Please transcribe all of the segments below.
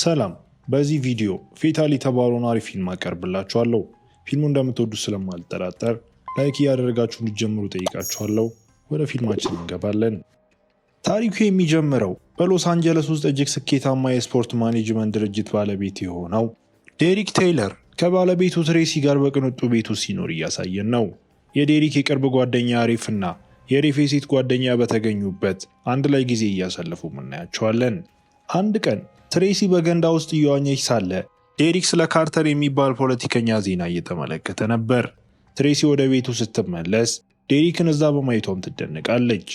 ሰላም በዚህ ቪዲዮ ፌታል የተባለውን አሪፍ ፊልም አቀርብላችኋለሁ። ፊልሙ እንደምትወዱ ስለማልጠራጠር ላይክ እያደረጋችሁ እንዲጀምሩ ጠይቃችኋለሁ። ወደ ፊልማችን እንገባለን። ታሪኩ የሚጀምረው በሎስ አንጀለስ ውስጥ እጅግ ስኬታማ የስፖርት ማኔጅመንት ድርጅት ባለቤት የሆነው ዴሪክ ቴይለር ከባለቤቱ ትሬሲ ጋር በቅንጡ ቤት ውስጥ ሲኖር እያሳየን ነው። የዴሪክ የቅርብ ጓደኛ አሪፍ እና የሬፍ የሴት ጓደኛ በተገኙበት አንድ ላይ ጊዜ እያሳለፉ እናያቸዋለን። አንድ ቀን ትሬሲ በገንዳ ውስጥ እየዋኘች ሳለ ኤሪክ ስለ ካርተር የሚባል ፖለቲከኛ ዜና እየተመለከተ ነበር። ትሬሲ ወደ ቤቱ ስትመለስ ዴሪክን እዛ በማየቷም ትደነቃለች።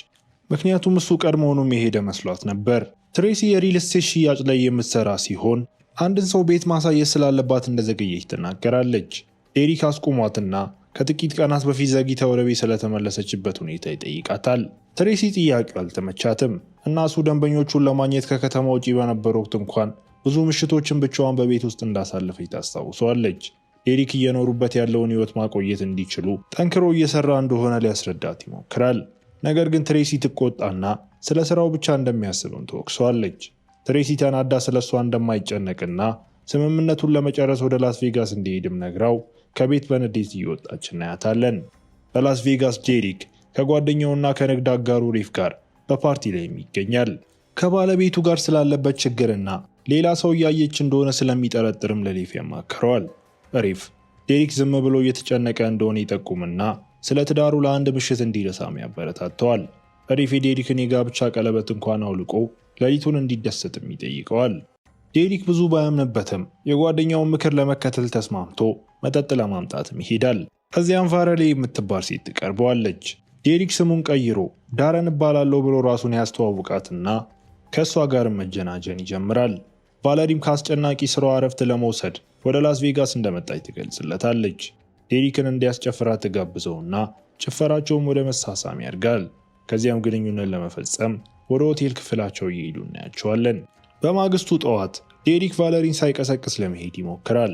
ምክንያቱም እሱ ቀድሞውኑም የሄደ መስሏት ነበር። ትሬሲ የሪል ስቴት ሽያጭ ላይ የምትሰራ ሲሆን አንድን ሰው ቤት ማሳየት ስላለባት እንደዘገየች ትናገራለች። ዴሪክ አስቁሟትና ከጥቂት ቀናት በፊት ዘግይታ ወደ ቤት ስለተመለሰችበት ሁኔታ ይጠይቃታል። ትሬሲ ጥያቄው አልተመቻትም እና እሱ ደንበኞቹን ለማግኘት ከከተማ ውጪ በነበረ ወቅት እንኳን ብዙ ምሽቶችን ብቻዋን በቤት ውስጥ እንዳሳለፈች ታስታውሰዋለች። ዴሪክ እየኖሩበት ያለውን ህይወት ማቆየት እንዲችሉ ጠንክሮ እየሰራ እንደሆነ ሊያስረዳት ይሞክራል። ነገር ግን ትሬሲ ትቆጣና ስለ ስራው ብቻ እንደሚያስብም ትወቅሰዋለች። ትሬሲ ተናዳ ስለ እሷ እንደማይጨነቅና ስምምነቱን ለመጨረስ ወደ ላስ ቬጋስ እንዲሄድም ነግራው ከቤት በንዴት እየወጣች እናያታለን። በላስ ቬጋስ ጄሪክ ከጓደኛውና ከንግድ አጋሩ ሪፍ ጋር በፓርቲ ላይም ይገኛል። ከባለቤቱ ጋር ስላለበት ችግርና ሌላ ሰው እያየች እንደሆነ ስለሚጠረጥርም ለሪፍ ያማክረዋል። ሪፍ ዴሪክ ዝም ብሎ እየተጨነቀ እንደሆነ ይጠቁምና ስለ ትዳሩ ለአንድ ምሽት እንዲረሳም ያበረታተዋል። ሪፍ የዴሪክን የጋብቻ ቀለበት እንኳን አውልቆ ሌሊቱን እንዲደሰትም ይጠይቀዋል። ዴሪክ ብዙ ባያምንበትም የጓደኛውን ምክር ለመከተል ተስማምቶ መጠጥ ለማምጣትም ይሄዳል። ከዚያም ፋረሌ የምትባል ሴት ቀርበዋለች። ዴሪክ ስሙን ቀይሮ ዳረን እባላለሁ ብሎ ራሱን ያስተዋውቃትና ከእሷ ጋር መጀናጀን ይጀምራል። ቫለሪም ከአስጨናቂ ስራዋ እረፍት ለመውሰድ ወደ ላስ ቬጋስ እንደመጣች ትገልጽለታለች። ዴሪክን እንዲያስጨፍራ ትጋብዘውና ጭፈራቸውም ወደ መሳሳም ያድጋል። ከዚያም ግንኙነት ለመፈጸም ወደ ሆቴል ክፍላቸው እየሄዱ እናያቸዋለን። በማግስቱ ጠዋት ዴሪክ ቫለሪን ሳይቀሰቅስ ለመሄድ ይሞክራል።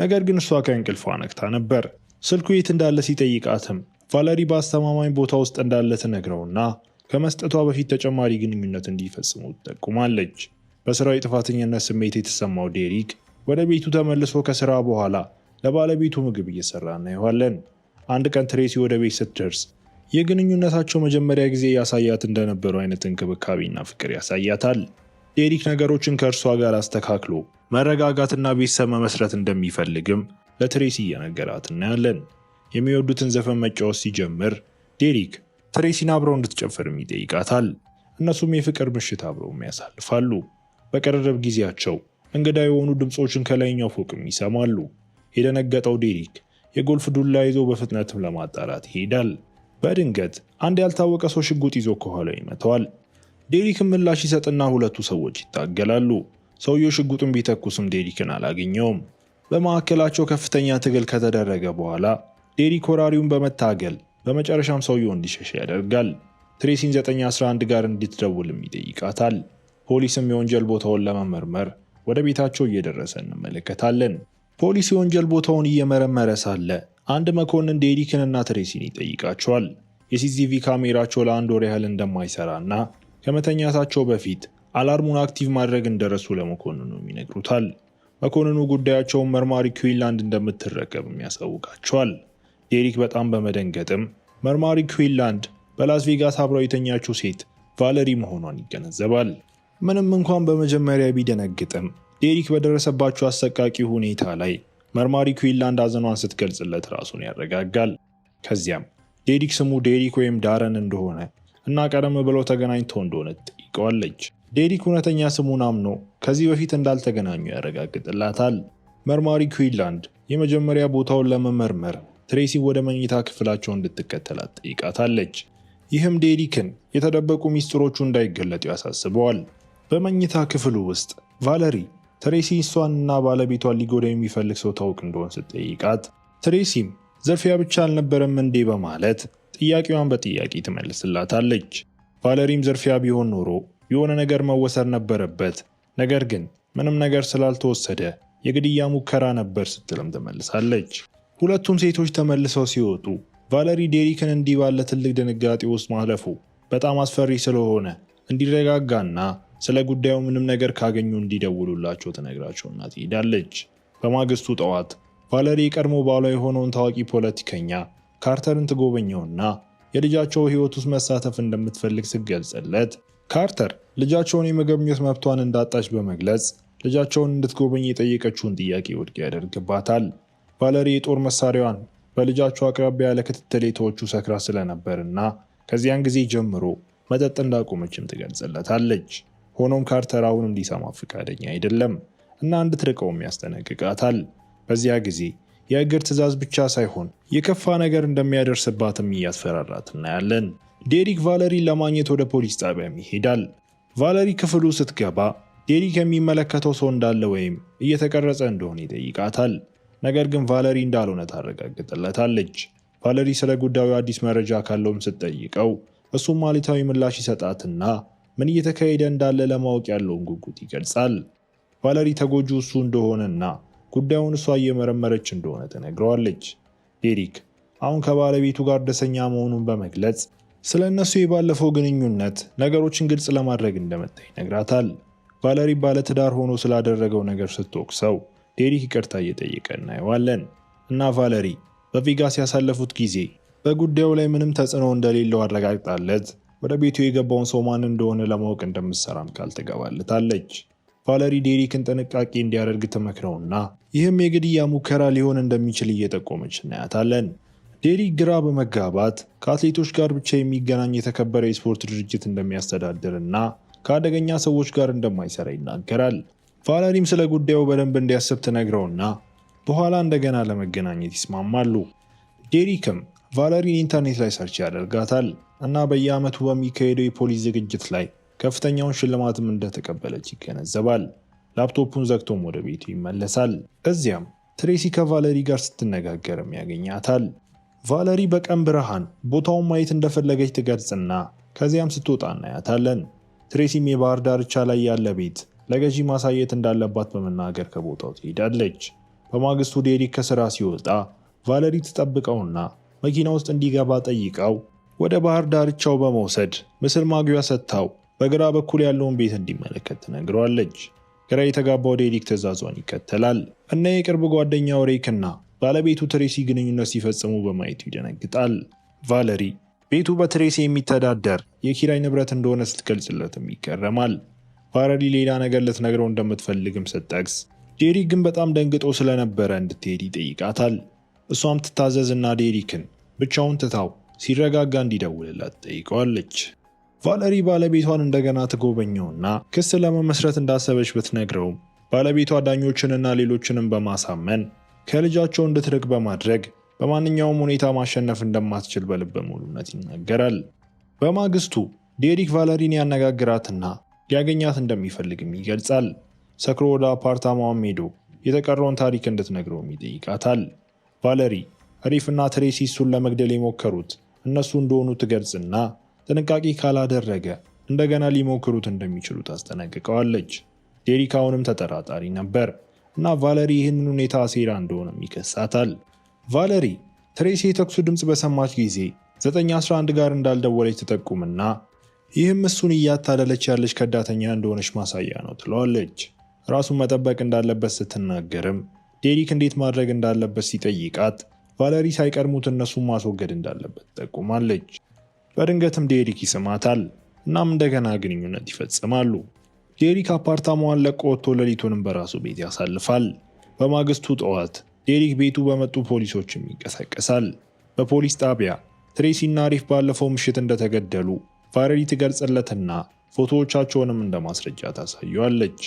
ነገር ግን እሷ ከእንቅልፏ ነቅታ ነበር። ስልኩ የት እንዳለ ሲጠይቃትም ቫለሪ በአስተማማኝ ቦታ ውስጥ እንዳለ ትነግረውና ከመስጠቷ በፊት ተጨማሪ ግንኙነት እንዲፈጽሙ ትጠቁማለች። በስራው የጥፋተኝነት ስሜት የተሰማው ዴሪክ ወደ ቤቱ ተመልሶ ከስራ በኋላ ለባለቤቱ ምግብ እየሰራ እናየዋለን። አንድ ቀን ትሬሲ ወደ ቤት ስትደርስ የግንኙነታቸው መጀመሪያ ጊዜ ያሳያት እንደነበሩ አይነት እንክብካቤና ፍቅር ያሳያታል። ኤሪክ ነገሮችን ከእርሷ ጋር አስተካክሎ መረጋጋትና ቤተሰብ መመስረት እንደሚፈልግም ለትሬሲ እየነገራት እናያለን። የሚወዱትን ዘፈን መጫወት ሲጀምር ዴሪክ ትሬሲን አብረው እንድትጨፍርም ይጠይቃታል። እነሱም የፍቅር ምሽት አብረውም ያሳልፋሉ። በቀረረብ ጊዜያቸው እንግዳ የሆኑ ድምፆችን ከላይኛው ፎቅም ይሰማሉ። የደነገጠው ዴሪክ የጎልፍ ዱላ ይዞ በፍጥነትም ለማጣራት ይሄዳል። በድንገት አንድ ያልታወቀ ሰው ሽጉጥ ይዞ ከኋላ ይመተዋል። ዴሪክን ምላሽ ይሰጥና ሁለቱ ሰዎች ይታገላሉ። ሰውየው ሽጉጡን ቢተኩስም ዴሪክን አላገኘውም። በማዕከላቸው ከፍተኛ ትግል ከተደረገ በኋላ ዴሪክ ወራሪውን በመታገል በመጨረሻም ሰውየው እንዲሸሸ ያደርጋል። ትሬሲን 911 ጋር እንድትደውልም ይጠይቃታል። ፖሊስም የወንጀል ቦታውን ለመመርመር ወደ ቤታቸው እየደረሰ እንመለከታለን። ፖሊስ የወንጀል ቦታውን እየመረመረ ሳለ አንድ መኮንን ዴሪክንና ትሬሲን ይጠይቃቸዋል። የሲሲቲቪ ካሜራቸው ለአንድ ወር ያህል እንደማይሰራና ከመተኛታቸው በፊት አላርሙን አክቲቭ ማድረግ እንደረሱ ለመኮንኑ ይነግሩታል። መኮንኑ ጉዳያቸውን መርማሪ ኩዊንላንድ እንደምትረከብም ያሳውቃቸዋል። ዴሪክ በጣም በመደንገጥም መርማሪ ኩዊንላንድ በላስ ቬጋስ አብራው የተኛችው ሴት ቫለሪ መሆኗን ይገነዘባል። ምንም እንኳን በመጀመሪያ ቢደነግጥም ዴሪክ በደረሰባቸው አሰቃቂ ሁኔታ ላይ መርማሪ ኩዊንላንድ አዘኗን ስትገልጽለት ራሱን ያረጋጋል። ከዚያም ዴሪክ ስሙ ዴሪክ ወይም ዳረን እንደሆነ እና ቀደም ብለው ተገናኝተው እንደሆነ ትጠይቀዋለች። ዴሪክ እውነተኛ ስሙን አምኖ ከዚህ በፊት እንዳልተገናኙ ያረጋግጥላታል። መርማሪ ኩዊንላንድ የመጀመሪያ ቦታውን ለመመርመር ትሬሲ ወደ መኝታ ክፍላቸው እንድትከተላት ጠይቃታለች። ይህም ዴሪክን የተደበቁ ሚስጥሮቹ እንዳይገለጡ ያሳስበዋል። በመኝታ ክፍሉ ውስጥ ቫለሪ ትሬሲ እሷንና ባለቤቷን ሊጎዳ የሚፈልግ ሰው ታውቅ እንደሆን ስትጠይቃት ትሬሲም ዘርፊያ ብቻ አልነበረም እንዴ በማለት ጥያቄዋን በጥያቄ ትመልስላታለች። ቫለሪም ዝርፊያ ቢሆን ኖሮ የሆነ ነገር መወሰድ ነበረበት፣ ነገር ግን ምንም ነገር ስላልተወሰደ የግድያ ሙከራ ነበር ስትልም ትመልሳለች። ሁለቱም ሴቶች ተመልሰው ሲወጡ ቫለሪ ዴሪክን እንዲህ ባለ ትልቅ ድንጋጤ ውስጥ ማለፉ በጣም አስፈሪ ስለሆነ እንዲረጋጋና ስለ ጉዳዩ ምንም ነገር ካገኙ እንዲደውሉላቸው ትነግራቸውና ትሄዳለች። በማግስቱ ጠዋት ቫለሪ የቀድሞ ባሏ የሆነውን ታዋቂ ፖለቲከኛ ካርተርን ትጎበኘውና የልጃቸው ህይወት ውስጥ መሳተፍ እንደምትፈልግ ስገልጽለት ካርተር ልጃቸውን የመገብኘት መብቷን እንዳጣች በመግለጽ ልጃቸውን እንድትጎበኝ የጠየቀችውን ጥያቄ ውድቅ ያደርግባታል። ቫለሪ የጦር መሳሪያዋን በልጃቸው አቅራቢያ ለክትትል የተወቹ ሰክራ ስለነበርና ከዚያን ጊዜ ጀምሮ መጠጥ እንዳቆመችም ትገልጽለታለች። ሆኖም ካርተር አሁንም ሊሰማ ፈቃደኛ አይደለም እና እንድትርቀውም ያስጠነቅቃታል። በዚያ ጊዜ የእግር ትዕዛዝ ብቻ ሳይሆን የከፋ ነገር እንደሚያደርስባትም እያስፈራራት እናያለን። ዴሪክ ቫለሪን ለማግኘት ወደ ፖሊስ ጣቢያም ይሄዳል። ቫለሪ ክፍሉ ስትገባ ዴሪክ የሚመለከተው ሰው እንዳለ ወይም እየተቀረጸ እንደሆነ ይጠይቃታል። ነገር ግን ቫለሪ እንዳልሆነ ታረጋግጥለታለች። ቫለሪ ስለ ጉዳዩ አዲስ መረጃ ካለውም ስትጠይቀው እሱም ማሌታዊ ምላሽ ይሰጣትና ምን እየተካሄደ እንዳለ ለማወቅ ያለውን ጉጉት ይገልጻል። ቫለሪ ተጎጂው እሱ እንደሆነና ጉዳዩን እሷ እየመረመረች እንደሆነ ትነግረዋለች። ዴሪክ አሁን ከባለቤቱ ጋር ደሰኛ መሆኑን በመግለጽ ስለ እነሱ የባለፈው ግንኙነት ነገሮችን ግልጽ ለማድረግ እንደመጣ ይነግራታል። ቫለሪ ባለትዳር ሆኖ ስላደረገው ነገር ስትወቅሰው ዴሪክ ይቅርታ እየጠየቀ እናየዋለን እና ቫለሪ በቪጋስ ያሳለፉት ጊዜ በጉዳዩ ላይ ምንም ተጽዕኖ እንደሌለው አረጋግጣለት ወደ ቤቱ የገባውን ሰው ማን እንደሆነ ለማወቅ እንደምትሰራም ቃል ትገባለታለች። ቫለሪ ዴሪክን ጥንቃቄ እንዲያደርግ ትመክረውና ይህም የግድያ ሙከራ ሊሆን እንደሚችል እየጠቆመች እናያታለን። ዴሪክ ግራ በመጋባት ከአትሌቶች ጋር ብቻ የሚገናኝ የተከበረ የስፖርት ድርጅት እንደሚያስተዳድር እና ከአደገኛ ሰዎች ጋር እንደማይሰራ ይናገራል። ቫለሪም ስለ ጉዳዩ በደንብ እንዲያስብ ትነግረውና በኋላ እንደገና ለመገናኘት ይስማማሉ። ዴሪክም ቫለሪን ኢንተርኔት ላይ ሰርች ያደርጋታል እና በየዓመቱ በሚካሄደው የፖሊስ ዝግጅት ላይ ከፍተኛውን ሽልማትም እንደተቀበለች ይገነዘባል። ላፕቶፑን ዘግቶም ወደ ቤቱ ይመለሳል። እዚያም ትሬሲ ከቫለሪ ጋር ስትነጋገርም ያገኛታል። ቫለሪ በቀን ብርሃን ቦታውን ማየት እንደፈለገች ትገልጽና ከዚያም ስትወጣ እናያታለን። ትሬሲም የባህር ዳርቻ ላይ ያለ ቤት ለገዢ ማሳየት እንዳለባት በመናገር ከቦታው ትሄዳለች። በማግስቱ ዴሪክ ከስራ ሲወጣ ቫለሪ ትጠብቀውና መኪና ውስጥ እንዲገባ ጠይቀው ወደ ባህር ዳርቻው በመውሰድ ምስል ማግቢያ ሰጥታው በግራ በኩል ያለውን ቤት እንዲመለከት ትነግረዋለች። ግራ የተጋባው ዴሪክ ትዕዛዟን ይከተላል እና የቅርብ ጓደኛው ሬክ እና ባለቤቱ ትሬሲ ግንኙነት ሲፈጽሙ በማየቱ ይደነግጣል። ቫለሪ ቤቱ በትሬሲ የሚተዳደር የኪራይ ንብረት እንደሆነ ስትገልጽለትም ይገረማል። ቫለሪ ሌላ ነገር ልትነግረው እንደምትፈልግም ስትጠቅስ ዴሪክ ግን በጣም ደንግጦ ስለነበረ እንድትሄድ ይጠይቃታል። እሷም ትታዘዝና ዴሪክን ብቻውን ትታው ሲረጋጋ እንዲደውልላት ትጠይቀዋለች። ቫለሪ ባለቤቷን እንደገና ትጎበኘውና ክስ ለመመስረት እንዳሰበች ብትነግረውም ባለቤቷ ዳኞችንና ሌሎችንም በማሳመን ከልጃቸው እንድትርቅ በማድረግ በማንኛውም ሁኔታ ማሸነፍ እንደማትችል በልበ ሙሉነት ይናገራል። በማግስቱ ዴሪክ ቫለሪን ያነጋግራትና ሊያገኛት እንደሚፈልግም ይገልጻል። ሰክሮ ወደ አፓርታማዋም ሄዶ የተቀረውን ታሪክ እንድትነግረውም ይጠይቃታል። ቫለሪ ሪፍና ትሬሲ እሱን ለመግደል የሞከሩት እነሱ እንደሆኑ ትገልጽና ጥንቃቄ ካላደረገ እንደገና ሊሞክሩት እንደሚችሉ ታስጠነቅቀዋለች። ዴሪክ አሁንም ተጠራጣሪ ነበር እና ቫለሪ ይህንን ሁኔታ ሴራ እንደሆነም ይከሳታል። ቫለሪ ትሬሲ የተኩሱ ድምፅ በሰማች ጊዜ 911 ጋር እንዳልደወለች ትጠቁምና ይህም እሱን እያታለለች ያለች ከዳተኛ እንደሆነች ማሳያ ነው ትለዋለች። ራሱን መጠበቅ እንዳለበት ስትናገርም ዴሪክ እንዴት ማድረግ እንዳለበት ሲጠይቃት ቫለሪ ሳይቀድሙት እነሱን ማስወገድ እንዳለበት ትጠቁማለች። በድንገትም ዴሪክ ይስማታል። እናም እንደገና ግንኙነት ይፈጽማሉ። ዴሪክ አፓርታማዋን ለቆ ወጥቶ ሌሊቱንም በራሱ ቤት ያሳልፋል። በማግስቱ ጠዋት ዴሪክ ቤቱ በመጡ ፖሊሶችም ይንቀሳቀሳል። በፖሊስ ጣቢያ ትሬሲና ሪፍ ባለፈው ምሽት እንደተገደሉ ቫሬሊ ትገልጽለትና ፎቶዎቻቸውንም እንደ ማስረጃ ታሳየዋለች።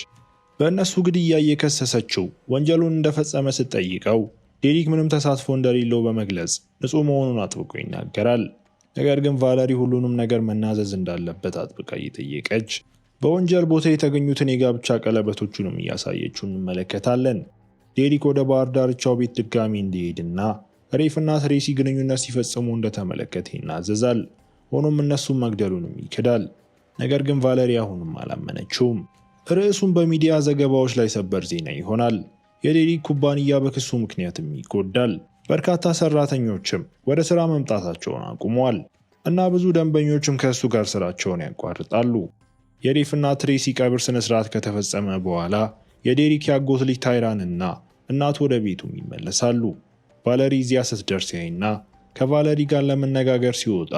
በእነሱ ግድያ እየከሰሰችው ወንጀሉን እንደፈጸመ ስትጠይቀው ዴሪክ ምንም ተሳትፎ እንደሌለው በመግለጽ ንጹህ መሆኑን አጥብቆ ይናገራል። ነገር ግን ቫለሪ ሁሉንም ነገር መናዘዝ እንዳለበት አጥብቃ እየጠየቀች በወንጀል ቦታ የተገኙትን የጋብቻ ቀለበቶቹንም እያሳየችው እንመለከታለን። ዴሪክ ወደ ባህር ዳርቻው ቤት ድጋሚ እንዲሄድና ሬፍና ትሬሲ ግንኙነት ሲፈጽሙ እንደተመለከተ ይናዘዛል። ሆኖም እነሱም መግደሉንም ይክዳል። ነገር ግን ቫለሪ አሁንም አላመነችውም። ርዕሱም በሚዲያ ዘገባዎች ላይ ሰበር ዜና ይሆናል። የዴሪክ ኩባንያ በክሱ ምክንያትም ይጎዳል። በርካታ ሰራተኞችም ወደ ስራ መምጣታቸውን አቁመዋል እና ብዙ ደንበኞችም ከእሱ ጋር ስራቸውን ያቋርጣሉ። የሪፍና ትሬሲ ቀብር ስነስርዓት ከተፈጸመ በኋላ የዴሪክ ያጎት ልጅ ታይራን እና እናቱ ወደ ቤቱም ይመለሳሉ። ቫለሪ እዚያ ስትደርስ ያይና ከቫለሪ ጋር ለመነጋገር ሲወጣ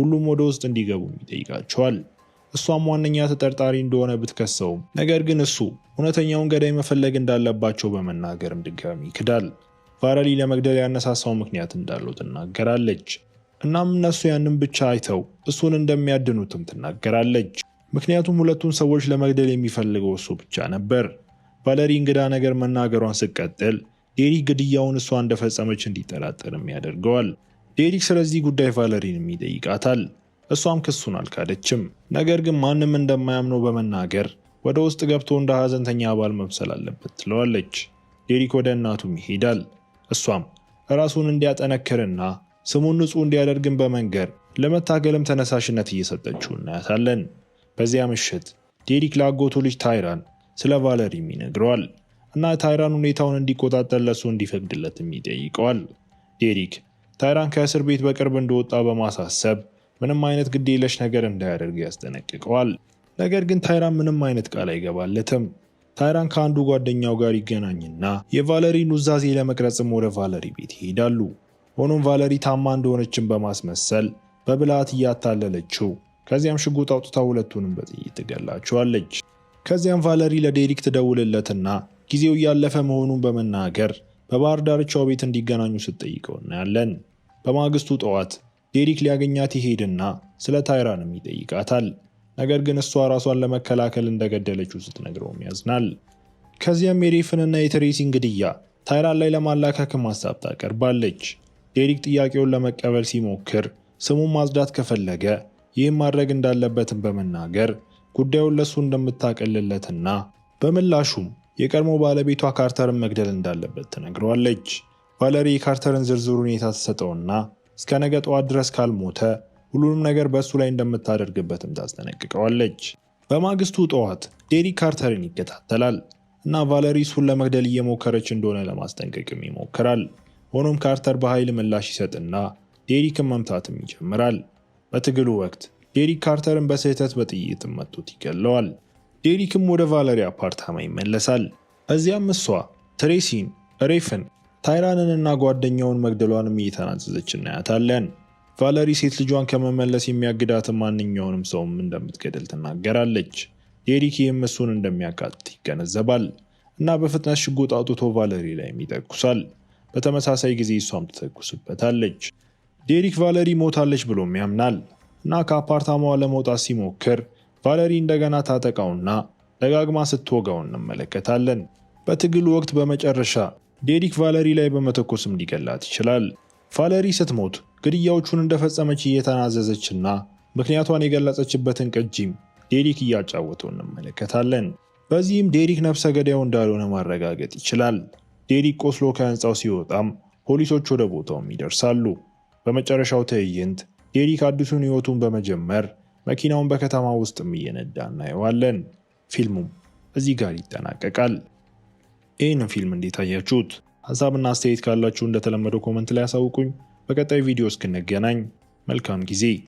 ሁሉም ወደ ውስጥ እንዲገቡም ይጠይቃቸዋል። እሷም ዋነኛ ተጠርጣሪ እንደሆነ ብትከሰውም ነገር ግን እሱ እውነተኛውን ገዳይ መፈለግ እንዳለባቸው በመናገርም ድጋሚ ይክዳል። ቫራሊ ለመግደል ያነሳሳው ምክንያት እንዳለው ትናገራለች። እናም እነሱ ያንን ብቻ አይተው እሱን እንደሚያድኑትም ትናገራለች። ምክንያቱም ሁለቱን ሰዎች ለመግደል የሚፈልገው እሱ ብቻ ነበር። ቫለሪ እንግዳ ነገር መናገሯን ስቀጥል ዴሪክ ግድያውን እሷ እንደፈጸመች እንዲጠራጠርም ያደርገዋል። ዴሪክ ስለዚህ ጉዳይ ቫለሪንም ይጠይቃታል። እሷም ክሱን አልካደችም። ነገር ግን ማንም እንደማያምነው በመናገር ወደ ውስጥ ገብቶ እንደ ሐዘንተኛ አባል መምሰል አለበት ትለዋለች። ዴሪክ ወደ እናቱም ይሄዳል። እሷም ራሱን እንዲያጠነክርና ስሙን ንጹሕ እንዲያደርግን በመንገር ለመታገልም ተነሳሽነት እየሰጠችው እናያታለን። በዚያ ምሽት ዴሪክ ለአጎቱ ልጅ ታይራን ስለ ቫለሪም ይነግረዋል እና ታይራን ሁኔታውን እንዲቆጣጠር ለሱ እንዲፈቅድለትም ይጠይቀዋል። ዴሪክ ታይራን ከእስር ቤት በቅርብ እንደወጣ በማሳሰብ ምንም አይነት ግዴለሽ ነገር እንዳያደርግ ያስጠነቅቀዋል። ነገር ግን ታይራን ምንም አይነት ቃል አይገባለትም። ታይራን ከአንዱ ጓደኛው ጋር ይገናኝና የቫለሪን ኑዛዜ ለመቅረጽም ወደ ቫለሪ ቤት ይሄዳሉ። ሆኖም ቫለሪ ታማ እንደሆነችን በማስመሰል በብልሃት እያታለለችው ከዚያም ሽጉጥ አውጥታ ሁለቱንም በጥይት ትገላቸዋለች። ከዚያም ቫለሪ ለዴሪክ ትደውልለትና ጊዜው እያለፈ መሆኑን በመናገር በባህር ዳርቻው ቤት እንዲገናኙ ስትጠይቀው እናያለን። በማግስቱ ጠዋት ዴሪክ ሊያገኛት ይሄድና ስለ ታይራንም ይጠይቃታል። ነገር ግን እሷ ራሷን ለመከላከል እንደገደለችው ስትነግረውም ያዝናል። ከዚያም የዴፍንና የትሬሲን ግድያ ታይላንድ ላይ ለማላካክም ሀሳብ ታቀርባለች። ዴሪክ ጥያቄውን ለመቀበል ሲሞክር ስሙን ማጽዳት ከፈለገ ይህም ማድረግ እንዳለበትን በመናገር ጉዳዩን ለእሱ እንደምታቀልለትና በምላሹም የቀድሞ ባለቤቷ ካርተርን መግደል እንዳለበት ትነግረዋለች። ቫለሪ የካርተርን ዝርዝር ሁኔታ ተሰጠውና እስከ ነገ ጠዋት ድረስ ካልሞተ ሁሉንም ነገር በእሱ ላይ እንደምታደርግበትም ታስጠነቅቀዋለች። በማግስቱ ጠዋት ዴሪ ካርተርን ይከታተላል እና ቫለሪ እሱን ለመግደል እየሞከረች እንደሆነ ለማስጠንቀቅም ይሞክራል። ሆኖም ካርተር በኃይል ምላሽ ይሰጥና ዴሪክን መምታትም ይጀምራል። በትግሉ ወቅት ዴሪክ ካርተርን በስህተት በጥይትም መጡት ይገለዋል። ዴሪክም ወደ ቫለሪ አፓርታማ ይመለሳል። እዚያም እሷ ትሬሲን፣ ሬፍን፣ ታይራንን እና ጓደኛውን መግደሏንም እየተናዘዘች እናያታለን። ቫለሪ ሴት ልጇን ከመመለስ የሚያግዳት ማንኛውንም ሰውም እንደምትገድል ትናገራለች። ዴሪክ ይህም እሱን እንደሚያካትት ይገነዘባል እና በፍጥነት ሽጉጥ አውጥቶ ቫለሪ ላይም ይተኩሳል። በተመሳሳይ ጊዜ እሷም ትተኩስበታለች። ዴሪክ ቫለሪ ሞታለች ብሎም ያምናል እና ከአፓርታማዋ ለመውጣት ሲሞክር ቫለሪ እንደገና ታጠቃውና ደጋግማ ስትወጋው እንመለከታለን። በትግሉ ወቅት በመጨረሻ ዴሪክ ቫለሪ ላይ በመተኮስም ሊገላት ይችላል። ቫለሪ ስትሞት ግድያዎቹን እንደፈጸመች እየተናዘዘችና ምክንያቷን የገለጸችበትን ቅጂም ዴሪክ እያጫወተው እንመለከታለን። በዚህም ዴሪክ ነፍሰ ገዳዩ እንዳልሆነ ማረጋገጥ ይችላል። ዴሪክ ቆስሎ ከህንፃው ሲወጣም ፖሊሶች ወደ ቦታውም ይደርሳሉ። በመጨረሻው ትዕይንት ዴሪክ አዲሱን ህይወቱን በመጀመር መኪናውን በከተማ ውስጥም እየነዳ እናየዋለን። ፊልሙም እዚህ ጋር ይጠናቀቃል። ይህን ፊልም እንዴት አያችሁት? ሀሳብና አስተያየት ካላችሁ እንደተለመደው ኮመንት ላይ ያሳውቁኝ። በቀጣይ ቪዲዮ እስክንገናኝ መልካም ጊዜ